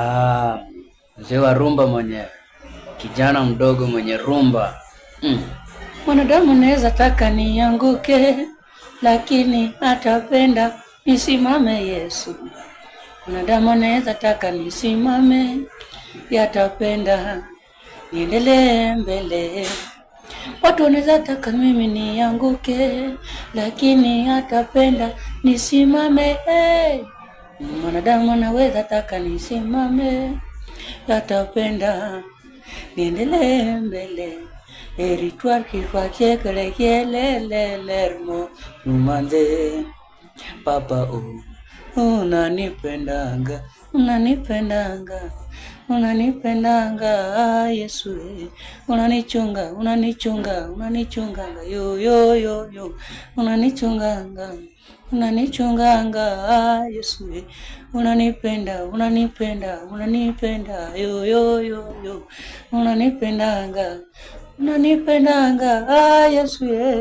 Ah, mzee wa rumba mwenyewe, kijana mdogo mwenye rumba mm. Mwanadamu naweza taka nianguke, lakini atapenda nisimame. Yesu, mwanadamu naweza taka nisimame, yatapenda niendelee mbele. Watu wanaweza taka mimi nianguke, lakini atapenda nisimame hey. mwanadamu anaweza taka nisimame, atapenda niendelee mbele eritwar kirwa chekelekielelelermo rumande papa u oh, unanipendaga unanipendanga unanipendanga Yesu, eh. unanichunga unanichunga unanichunganga yoyoyoyo, unanichunganga unanichunganga Yesu, eh. unanipenda unanipenda unanipenda yoyoyoyo, unanipendanga unanipendanga Yesu. Eh.